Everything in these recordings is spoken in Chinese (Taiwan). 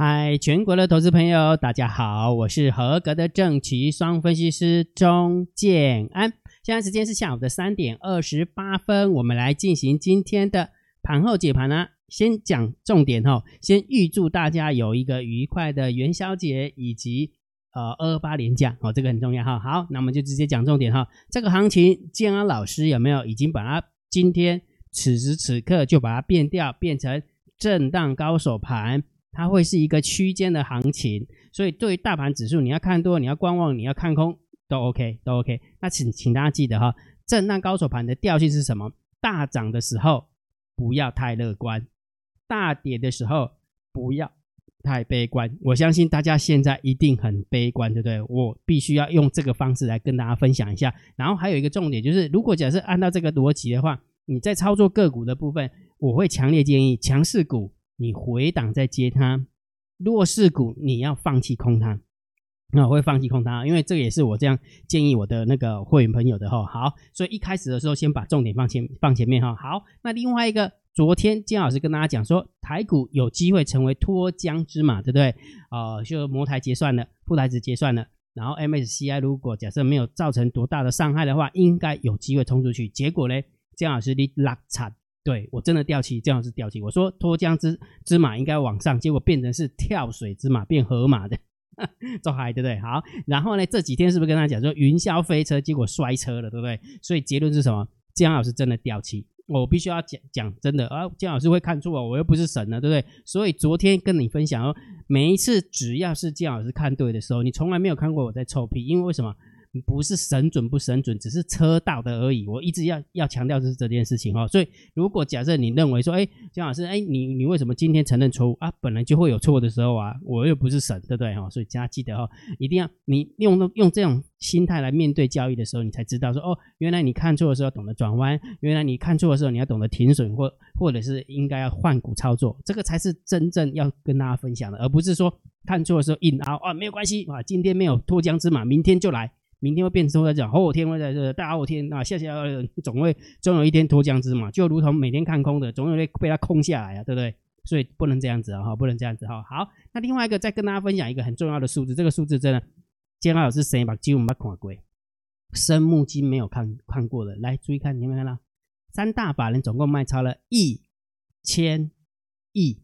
嗨，Hi, 全國的投資朋友，大家好，我是合格的證期雙分析師鍾建安。現在時間是下午的三點二十八分，我們來進行今天的盤後解盤啦、啊。先講重點哦，先預祝大家有一個愉快的元宵節以及呃二二八連假哦，這個很重要哈、哦。好，那我們就直接講重點哈、哦。這個行情，建安老師有沒有已經把它今天此時此刻就把它變掉，變成震盪高手盤？它會是一個區間的行情，所以對於大盤指數，你要看多，你要觀望，你要看空都 OK，都 OK。那請請大家記得哈，震盪高手盤的調性是什麼？大漲的時候不要太樂觀，大跌的時候不要太悲觀。我相信大家現在一定很悲觀，對不對？我必須要用這個方式來跟大家分享一下。然後還有一個重點就是，如果假設按照這個邏輯的話，你在操作個股的部分，我會強烈建議強勢股。你回檔再接它，弱勢股你要放棄空它，那我會放棄空它，因為這個也是我這樣建議我的那個會員朋友的哈。好，所以一開始的時候先把重點放前放前面哈。好，那另外一個，昨天姜老師跟大家講說台股有機會成為脫韁之馬，對不對？啊，就摩台結算了，富台指結算了，然後 MSCI 如果假設沒有造成多大的傷害的話，應該有機會衝出去。結果呢，姜老師你落漆。對，我真的掉漆，姜老師掉漆。我說脫韁之馬，應該往上，結果變成是跳水之馬，變河馬的，走還對不對？好，然後呢，這幾天是不是跟他講說雲霄飛車，結果摔車了，對不對？所以結論是什麼？姜老師真的掉漆。我必須要講講真的啊，姜老師會看錯，我又不是神了，對不對？所以昨天跟你分享，每一次只要是姜老師看對的時候，你從來沒有看過我在臭屁，因為為什麼？不是神準不神準，只是車道的而已。我一直要要強調的是這件事情哦。所以如果假設你認為說，哎，江老師，哎，你你為什麼今天承認錯誤啊？本來就會有錯的時候啊，我又不是神，對不對哈、哦？所以大家記得哈、哦，一定要你用用這種心態來面對交易的時候，你才知道說，哦，原來你看錯的時候懂得轉彎，原來你看錯的時候你要懂得停損或或者是應該要換股操作，這個才是真正要跟大家分享的，而不是說看錯的時候硬拗啊，沒有關係啊，今天沒有脫韁之馬，明天就來。明天會變，後再講後天會在這、哦、在這大後、哦、天啊，下下總會總有一天脫韁之馬嘛，就如同每天看空的，總有一天被它空下來啊，對不對？所以不能這樣子啊，哈，不能這樣子哈、哦。好，那另外一個再跟大家分享一個很重要的數字，這個數字真的，鍾建安老師誰把幾乎沒看過，生木金沒有看看過的，來注意看，你有沒有看到？三大法人總共賣超了一千億，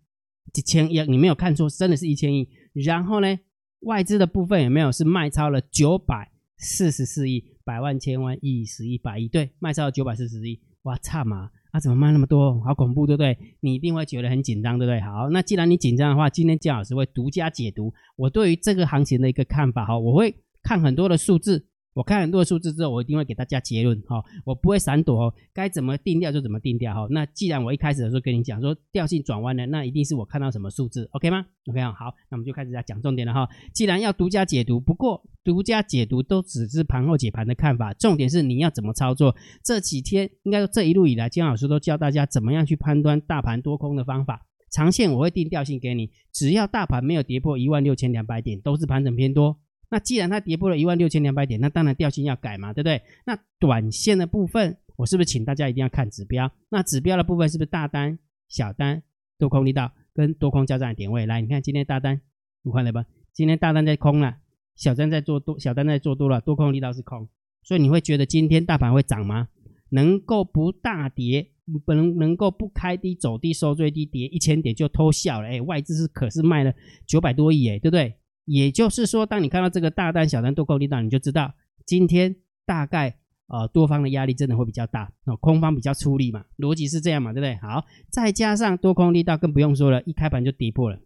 幾千億，你沒有看錯，真的是一千億。然後呢，外資的部分有沒有是賣超了九百？四十四億，百萬、千萬、億、十億、百億，對，賣到九百四十億，哇，差嘛！啊，怎麼賣那麼多？好恐怖，對不對？你一定會覺得很緊張，對不對？好，那既然你緊張的話，今天江老師會獨家解讀我對於這個行情的一個看法。哈，我會看很多的數字。我看很多的數字之後，我一定會給大家結論，哈，我不會閃躲哦，該怎麼定調就怎麼定調，哈。那既然我一開始的時候跟你講說，調性轉彎了，那一定是我看到什麼數字，OK 嗎？OK 啊，好，那我們就開始在講重點了哈、哦。既然要獨家解讀，不過獨家解讀都只是盤後解盤的看法，重點是你要怎麼操作。這幾天應該說這一路以來，姜老師都教大家怎麼樣去判斷大盤多空的方法。長線我會定調性給你，只要大盤沒有跌破一萬六千兩百點，都是盤整偏多。那既然它跌破了一萬六千兩百點，那當然調性要改嘛，對不對？那短線的部分，我是不是請大家一定要看指標？那指標的部分是不是大單、小單、多空力道跟多空交戰的點位？來，你看今天大單，你看了吧？今天大單在空了，小單在做多，小單在做多了，多空力道是空，所以你會覺得今天大盤會漲嗎？能夠不大跌，不能能夠不開低走低，收最低跌一千點就偷笑了。哎，外資是可是賣了九百多億，哎，對不對？也就是說，當你看到這個大單、小單多空力道，你就知道今天大概啊、呃、多方的壓力真的會比較大、哦，那空方比較出力嘛，邏輯是這樣嘛，對不對？好，再加上多空力道更不用說了，一開盤就跌破了，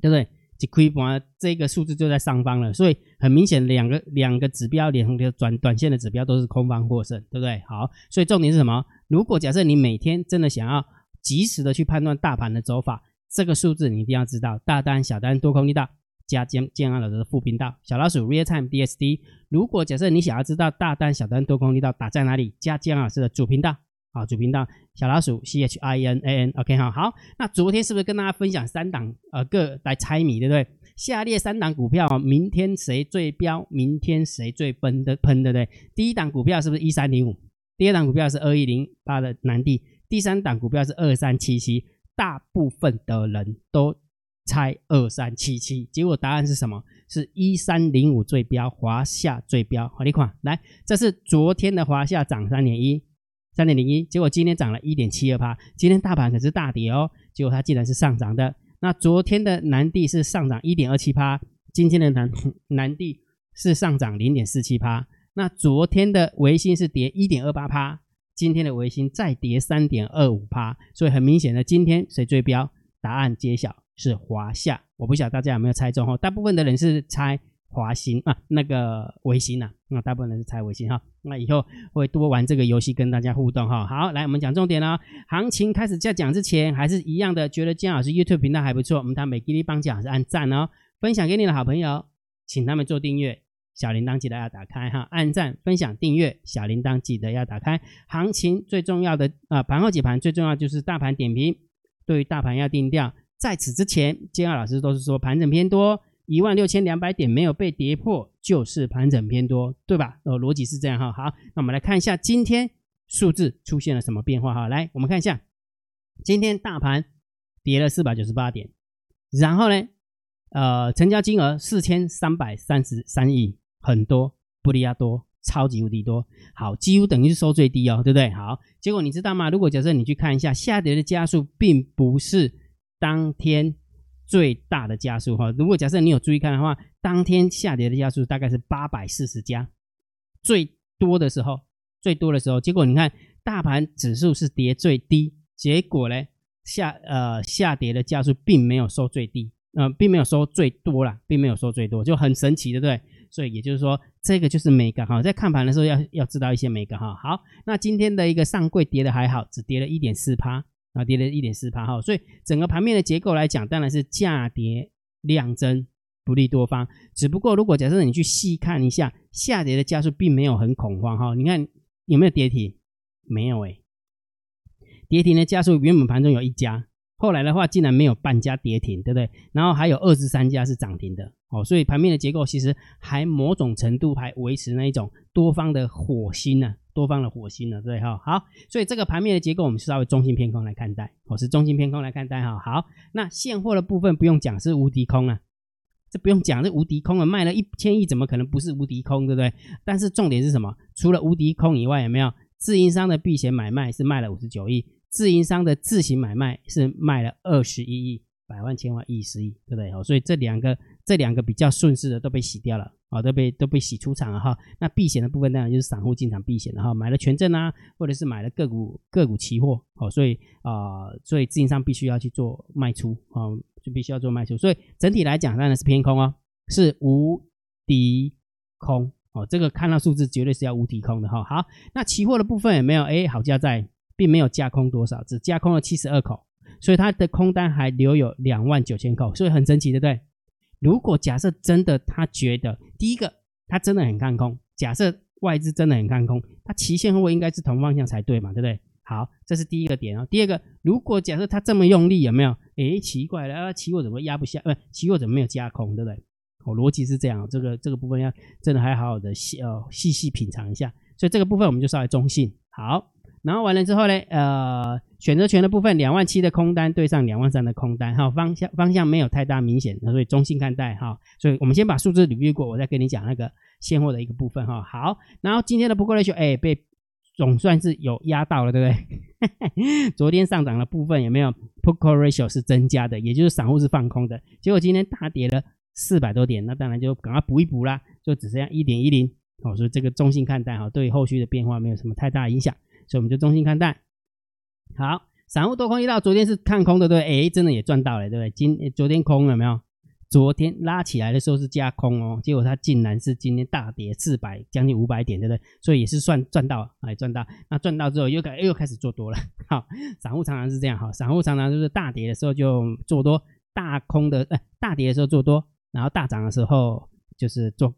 對不對？一開盤這個數字就在上方了，所以很明顯，兩個兩個指標，連橫的轉短線的指標都是空方獲勝，對不對？好，所以重點是什麼？如果假設你每天真的想要及時的去判斷大盤的走法，這個數字你一定要知道，大單、小單多空力道。加鍾建安老師的副頻道小老鼠 Realtime D S D。如果假設你想要知道大單、小單、多空力道打在哪裡，加鍾老師的主頻道啊，主頻道小老鼠 C H I N A N OK 哈好，好。那昨天是不是跟大家分享三檔呃、啊，各來猜謎，對不對？下列三檔股票明天誰最飆，明天誰最噴的噴，對不對？第一檔股票是不是一三零五？第二檔股票是二一零八的南帝，第三檔股票是二三七七。大部分的人都猜二三七七，結果答案是什麼？是一三零五最標，華夏最標。好，你看，來這是昨天的華夏漲三點一，三點零一，結果今天漲了一點七二趴，今天大盤可是大跌哦，結果它竟然是上漲的。那昨天的南地是上漲一點二七趴，今天的南南地是上漲零點四七趴，那昨天的微星是跌一點二八趴，今天的微星再跌三點二五趴，所以很明顯的，今天誰最標？答案揭曉。是華夏，我不曉得大家有沒有猜中哈、哦？大部分的人是猜華行啊，那個微鑫吶、啊，那、啊、大部分人是猜微鑫哈、啊。那以後會多玩這個遊戲跟大家互動哈、啊。好，來我們講重點嘍、哦。行情開始在講之前還是一樣的，覺得江老師 YouTube 頻道還不錯，我們他每個 i 幫講是按贊哦，分享給你的好朋友，請他們做訂閱，小鈴鐺記得要打開哈、啊，按贊、分享、訂閱，小鈴鐺記得要打開。行情最重要的啊，呃，盤後解盤最重要就是大盤點評，對於大盤要定調。在此之前，建安老師都是說盤整偏多，一萬六千兩百點沒有被跌破，就是盤整偏多，對吧？呃，邏輯是這樣哈。好，那我們來看一下今天數字出現了什麼變化哈。來，我們看一下，今天大盤跌了四百九十八點，然後呢，呃，成交金額四千三百三十三億，很多，不利亞多，超級無敵多，好，幾乎等於是收最低哦，對不對？好，結果你知道嗎？如果假設你去看一下，下跌的加速並不是。當天最大的家數哈，如果假設你有注意看的話，當天下跌的家數大概是八百四十家，最多的時候，最多的時候，結果你看大盤指數是跌最低，結果呢，下呃下跌的家數並沒有收最低，嗯、呃，並沒有收最多啦，並沒有收最多，就很神奇，對不對？所以也就是說，這個就是美感哈，在看盤的時候要要知道一些美感哈。好，那今天的一個上櫃跌的還好，只跌了一點四趴。然後跌了1.48哈，所以整個盤面的結構來講，當然是價跌量增，不利多方。只不過如果假設你去細看一下下跌的家數，並沒有很恐慌哈，你看有沒有跌停？沒有哎，跌停的家數原本盤中有一家，後來的話竟然沒有半家跌停，對不對？然後還有二十三家是漲停的哦，所以盤面的結構其實還某種程度還維持那一種多方的火星呢、啊。多方的火星了，對哈，好，所以這個盤面的結構，我們稍微中性偏空來看待，我是中性偏空來看待哈，好，那現貨的部分不用講，是無敵空啊，這不用講，這無敵空啊，賣了一千億，怎麼可能不是無敵空，對不對？但是重點是什麼？除了無敵空以外，有沒有自營商的避險買賣是賣了五十九億，自營商的自行買賣是賣了二十一億，百萬千萬億十億，對不對？好，所以這兩個這兩個比較順勢的都被洗掉了。好，都被都被洗出場了哈。那避險的部分當然就是散戶進場避險了哈，買了權證啊，或者是買了個股個股期貨。哦，所以啊、呃，所以自營商必須要去做賣出啊，就必須要做賣出。所以整體來講當然是偏空哦，是無敵空哦。這個看到數字絕對是要無敵空的哈。好，那期貨的部分也沒有哎，好家在，並沒有加空多少，只加空了七十二口，所以它的空單還留有兩萬九千口，所以很神奇，對不對？如果假設真的他覺得第一個他真的很看空，假設外資真的很看空，他期現貨應該是同方向才對嘛，對不對？好，這是第一個點喔。然後第二個，如果假設他這麼用力有沒有？誒，奇怪了，啊，期貨怎麼壓不下？呃，期貨怎麼沒有加空？對不對？哦，邏輯是這樣喔，這個這個部分要真的還好好的細呃細細品嘗一下。所以這個部分我們就稍微中性。好。然後完了之後咧，呃，選擇權的部分，兩萬七的空單對上兩萬三的空單，哈，方向方向沒有太大明顯，啊、所以中性看待哈、啊。所以我們先把數字捋一捋過，我再跟你講那個現貨的一個部分哈、啊。好，然後今天的 put call ratio 哎被總算是有壓到了，對不對？ 昨天上漲的部分有沒有 put call ratio 是增加的，也就是散戶是放空的，結果今天大跌了四百多點，那當然就趕快補一補啦，就只剩下一點一零，好，所以這個中性看待哈、啊，對後續的變化沒有什麼太大影響。所以我們就中性看待。好，散戶多空一到。昨天是看空的，對不對？哎，真的也賺到了，對不對？今昨天空了沒有？昨天拉起來的時候是加空哦，結果它竟然是今天大跌四百，將近五百點，對不對？所以也是算賺到，哎，賺到。那賺到之後又又開始做多了。好，散戶常常是這樣哈，散戶常常就是大跌的時候就做多，大空的、哎，大跌的時候做多，然後大漲的時候就是做。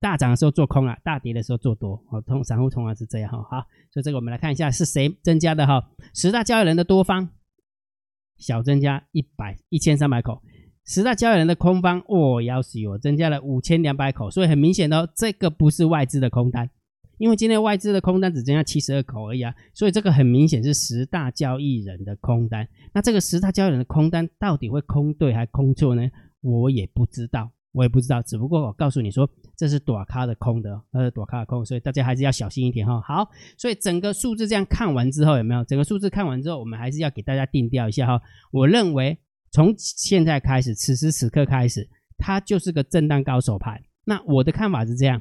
大漲的時候做空啊，大跌的時候做多哦、喔。通散戶通常是這樣哈、喔，好，所以這個我們來看一下是誰增加的哈、喔。十大交易人的多方小增加一百一千三百口，十大交易人的空方哦，幺四幺增加了五千兩百口，所以很明顯的、喔、這個不是外資的空單，因為今天外資的空單只增加七十二口而已啊，所以這個很明顯是十大交易人的空單。那這個十大交易人的空單到底會空對還是空錯呢？我也不知道，我也不知道，只不過我告訴你說。這是躲咖的空的，那是躲咖的空，所以大家還是要小心一點哈。好，所以整個數字這樣看完之後，有沒有？整個數字看完之後，我們還是要給大家定調一下哈。我認為從現在開始，此時此刻開始，它就是個震盪高手盤。那我的看法是這樣，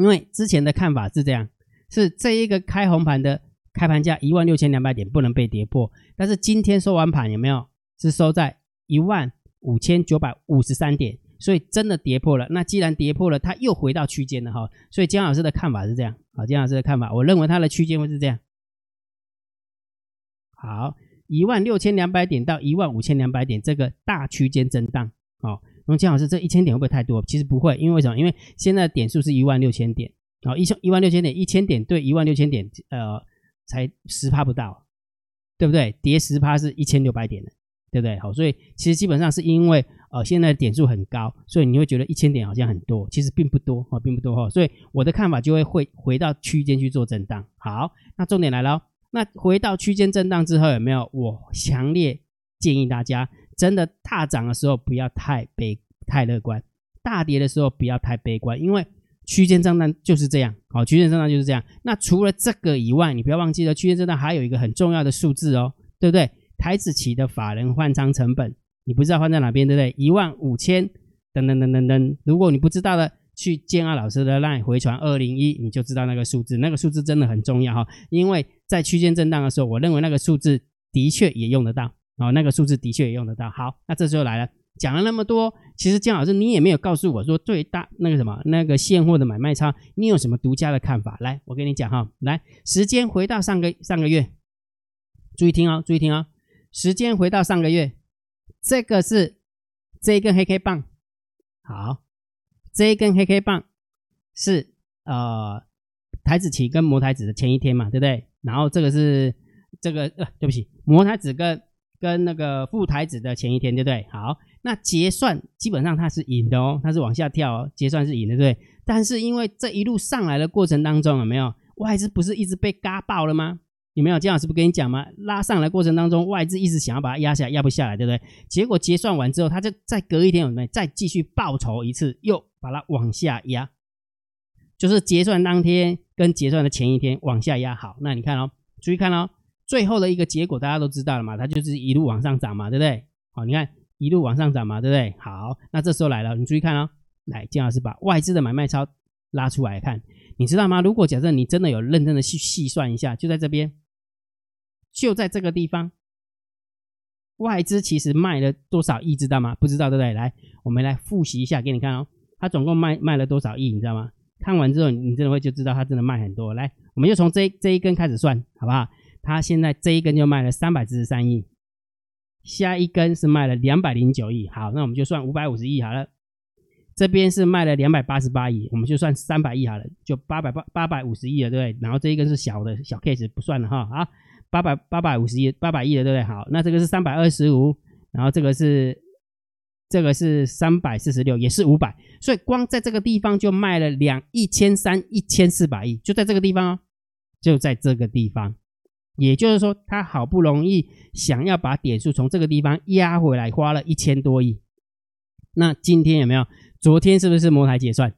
因為之前的看法是這樣，是這一個開紅盤的開盤價一萬六千兩百點不能被跌破，但是今天收完盤有沒有？是收在一萬五千九百五十三點。所以真的跌破了，那既然跌破了，它又回到區間了哈。所以江老師的看法是這樣，好，江老師的看法，我認為它的區間會是這樣。好，一萬六千兩百點到一萬五千兩百點這個大區間震盪，好，那麼江老師這一千點會不會太多？其實不會，因為為什麼？因為現在的點數是一萬六千點，好，一千一萬六千點，一千點對一萬六千點呃，呃，才十趴不到，對不對？跌十趴是一千六百點，對不對？好，所以其實基本上是因為。呃、哦，現在的點數很高，所以你會覺得一千點好像很多，其實並不多哦，並不多哈。所以我的看法就會會回到區間去做震盪。好，那重點來了、哦、那回到區間震盪之後，有沒有？我強烈建議大家，真的大漲的時候不要太悲太樂觀，大跌的時候不要太悲觀，因為區間震盪就是這樣。好、哦，區間震盪就是這樣。那除了這個以外，你不要忘記了，區間震盪還有一個很重要的數字哦，對不對？台指期的法人換倉成本。你不知道放在哪邊，對不對？一萬五千，等等等等等，如果你不知道的，去建安老師的 line 回傳二零一，你就知道那個數字。那個數字真的很重要哈，因為在區間震盪的時候，我認為那個數字的確也用得到啊、哦。那個數字的確也用得到。好，那這時候來了，講了那麼多，其實建安老師你也沒有告訴我說最大那個什麼那個現貨的買賣差，你有什麼獨家的看法？來，我跟你講哈，來，時間回到上個上個月，注意聽哦，注意聽哦，時間回到上個月。這個是這一根黑 K 棒，好，這一根黑 K 棒是呃台指期跟摩台指的前一天嘛，對不對？然後這個是這個呃、啊、對不起，摩台指跟跟那個富台指的前一天，對不對？好，那結算基本上它是陰的哦，它是往下跳哦，結算是陰的，對，對。但是因為這一路上來的過程當中，有沒有外資不是一直被嘎爆了嗎？你沒有姜老師不跟你講嗎？拉上來過程當中，外資一直想要把它壓下來，壓不下來，對不對？結果結算完之後，它就再隔一天有沒有，我們再繼續報仇一次，又把它往下壓。就是結算當天跟結算的前一天往下壓好。那你看哦，注意看哦，最後的一個結果大家都知道了嘛，它就是一路往上漲嘛，對不對？好，你看，一路往上漲嘛，對不對？好，那這時候來了，你注意看哦，來，姜老師把外資的買賣超拉出來看，你知道嗎？如果假設你真的有認真的去細算一下，就在這邊。就在這個地方，外資其實賣了多少億，知道嗎？不知道對不對？來，我們來複習一下給你看哦。它總共賣賣了多少億，你知道嗎？看完之後，你真的會就知道它真的賣很多。來，我們就從這這一根開始算，好不好？它現在這一根就賣了三百四十三億，下一根是賣了兩百零九億。好，那我們就算五百五十億好了。這邊是賣了兩百八十八億，我們就算三百億好了，就八百八八百五十億了，對不對？然後這一根是小的小 case，不算了哈啊。好八百八百五十億八百億的對不對？好，那這個是三百二十五，然後這個是這個是三百四十六，也是五百，所以光在這個地方就賣了兩一千三一千四百億，就在這個地方哦，就在這個地方，也就是說，他好不容易想要把點數從這個地方壓回來，花了一千多億。那今天有沒有？昨天是不是摩台結算，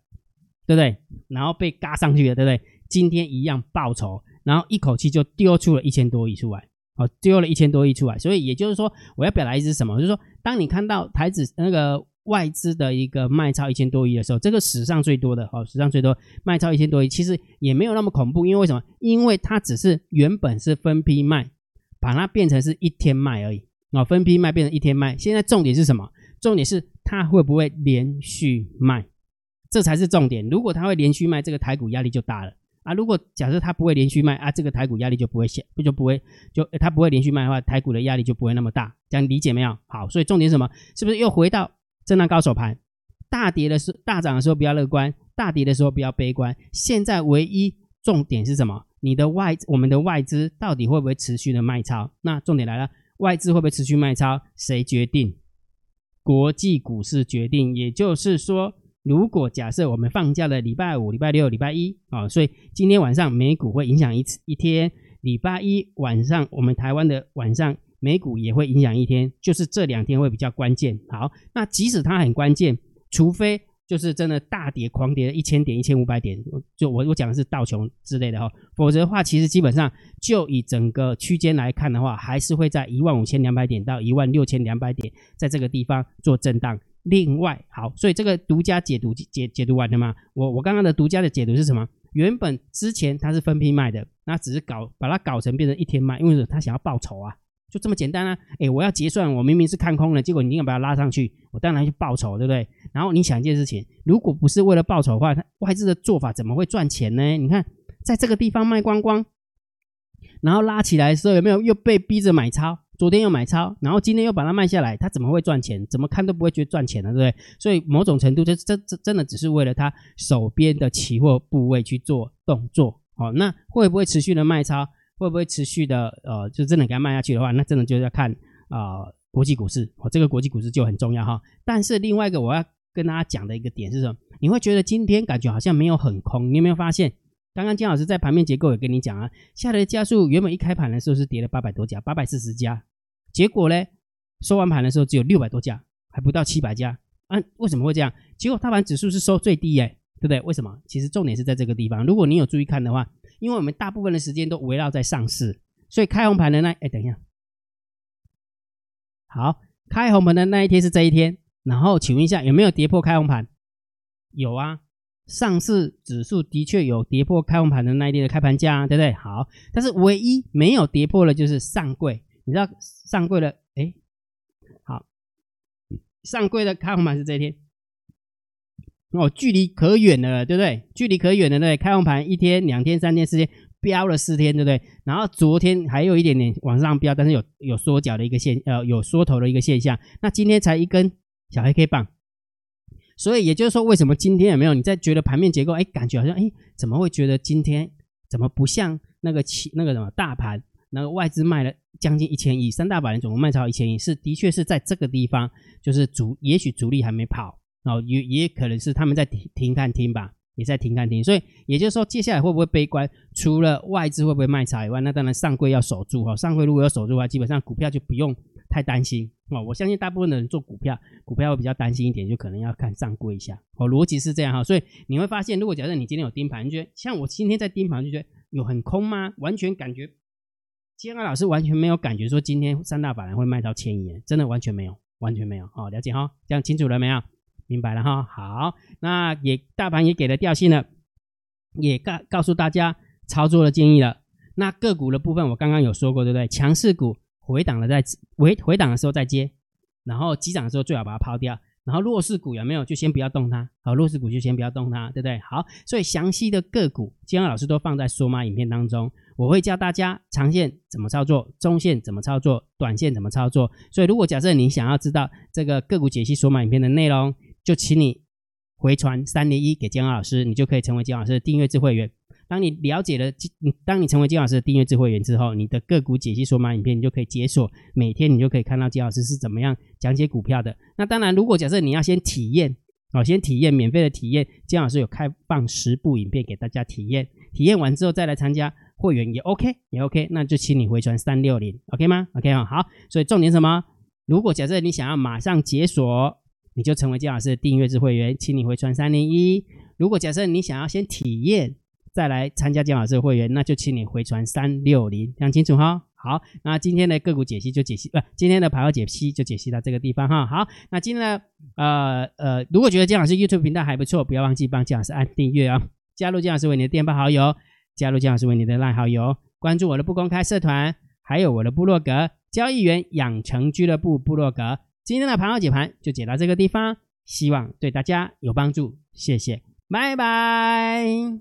對不對？然後被嘎上去了，對不對？今天一樣報酬。然後一口氣就丟出了一千多億出來，哦，丟了一千多億出來，所以也就是說，我要表達意思什麼，就是說，當你看到台指那個外資的一個賣超一千多億的時候，這個史上最多的，哦，史上最多賣超一千多億，其實也沒有那麼恐怖，因為，為什麼？因為它只是原本是分批賣，把它變成是一天賣而已，啊，分批賣變成一天賣。現在重點是什麼？重點是它會不會連續賣，這才是重點。如果它會連續賣，這個台股壓力就大了。啊，如果假設他不會連續賣啊，這個台股壓力就不會現，就不會就它不會連續賣的話，台股的壓力就不會那麼大，這樣理解沒有？好，所以重點是什麼？是不是又回到震盪高手盤？大跌的時大漲的時候比較樂觀，大跌的時候比較悲觀。現在唯一重點是什麼？你的外我們的外資到底會不會持續的賣超？那重點來了，外資會不會持續賣超？誰決定？國際股市決定。也就是說。如果假設我們放假了，禮拜五、禮拜六、禮拜一，啊、哦，所以今天晚上美股會影響一次一天，禮拜一晚上我們台灣的晚上美股也會影響一天，就是這兩天會比較關鍵。好，那即使它很關鍵，除非就是真的大跌狂跌一千點、一千五百點，就我我講的是道瓊之類的哈，否則的話，其實基本上就以整個區間來看的話，還是會在一萬五千兩百點到一萬六千兩百點，在這個地方做震盪。另外，好，所以這個獨家解讀解解讀完了嗎？我我剛剛的獨家的解讀是什麼？原本之前它是分批賣的，那只是搞把它搞成變成一天賣，因為他想要報仇啊，就這麼簡單啊！哎，我要結算，我明明是看空了，結果你硬要把它拉上去，我當然去報仇，對不對？然後你想一件事情，如果不是為了報仇的話，外資的做法怎麼會賺錢呢？你看，在這個地方賣光光，然後拉起來的時候有沒有又被逼着買超？昨天又買超，然後今天又把它賣下來，他怎麼會賺錢？怎麼看都不會覺得賺錢的，對不對？所以某種程度，這這這真的只是為了他手邊的期貨部位去做動作。好，那會不會持續的賣超？會不會持續的呃，就真的給他賣下去的話，那真的就是要看啊，呃，國際股市。哦，這個國際股市就很重要哈。但是另外一個我要跟大家講的一個點是什麼？你會覺得今天感覺好像沒有很空，你有沒有發現？剛剛金老師在盤面結構也跟你講啊，下跌家數，原本一開盤的時候是跌了八百多家，八百四十家，結果呢，收完盤的時候只有六百多家，還不到七百家啊？為什麼會這樣？結果大盤指數是收最低耶，欸，對不對？為什麼？其實重點是在這個地方。如果你有注意看的話，因為我們大部分的時間都圍繞在上市，所以開紅盤的那……哎，等一下，好，開紅盤的那一天是這一天，然後請問一下，有沒有跌破開紅盤？有啊。上市指數的確有跌破開紅盤的那一天的開盤價，啊，對不對？好，但是唯一沒有跌破的，就是上櫃。你知道上櫃的，哎，好，上櫃的開紅盤是這一天，哦，距離可遠了，對不對？距離可遠了，對不對？開紅盤一天、兩天、三天、四天飆了四天，對不對？然後昨天還有一點點往上飆，但是有有縮腳的一個現，呃，有縮頭的一個現象。那今天才一根小黑 K 棒。所以也就是說，為什麼今天也沒有？你在覺得盤面結構，哎，感覺好像，哎，怎麼會覺得今天怎麼不像那個起那個什麼大盤？那個外資賣了將近一千億，三大法人總共賣超一千億，是的確是在這個地方，就是主，也許主力還沒跑，然後也也可能是他們在停看聽吧，也在停看聽。所以也就是說，接下來會不會悲觀？除了外資會不會賣超以外，那當然上櫃要守住哈、哦，上櫃如果要守住的話，基本上股票就不用。太擔心哦！我相信大部分的人做股票，股票會比較擔心一點，就可能要看上櫃一下。哦，邏輯是這樣哈、哦，所以你會發現，如果假設你今天有盯盤，就覺得像我今天在盯盤就覺得有很空嗎？完全感覺，建安老師完全沒有感覺說今天三大法人會賣到千億元，真的完全沒有，完全沒有哦。了解哈、哦，這樣清楚了沒有？明白了哈、哦。好，那也大盤也給了調性了，也告告訴大家操作的建議了。那個股的部分，我剛剛有說過，對不對？強勢股。回檔了再回回檔的時候再接，然後急漲的時候最好把它拋掉，然後弱勢股有沒有，就先不要動它，好，弱勢股就先不要動它，對不對？好，所以詳細的個股，建安老師都放在索馬影片當中，我會教大家長線怎麼操作，中線怎麼操作，短線怎麼操作。所以如果假設你想要知道這個個股解析索馬影片的內容，就請你回傳三零一給建安老師，你就可以成為建安老師的訂閱制會員。當你了解了金，當你成為金老師的訂閱制會員之後，你的個股解析說、說明影片，你就可以解鎖，每天你就可以看到金老師是怎麼樣講解股票的。那當然，如果假設你要先體驗，好、哦，先體驗，免費的體驗，金老師有開放十部影片給大家體驗，體驗完之後再來參加會員也 OK，也 OK，那就請你回傳三六零，OK 嗎？OK 啊，好。所以重點什麼？如果假設你想要馬上解鎖，你就成為金老師的訂閱制會員，請你回傳三零一。如果假設你想要先體驗，再來參加建老師的會員，那就請你回傳三六零，講清楚哈。好，那今天的個股解析就解析，呃、今天的盤後解析就解析到這個地方哈。好，那今天的呃呃，如果覺得建老師 YouTube 頻道還不錯，不要忘記幫建老師按訂閱啊、哦，加入建老師為你的電報好友，加入建老師為你的賴好友，關注我的不公開社團，還有我的部落格交易員養成俱樂部部落格。今天的盤後解盤就解到這個地方，希望對大家有幫助，謝謝，拜拜。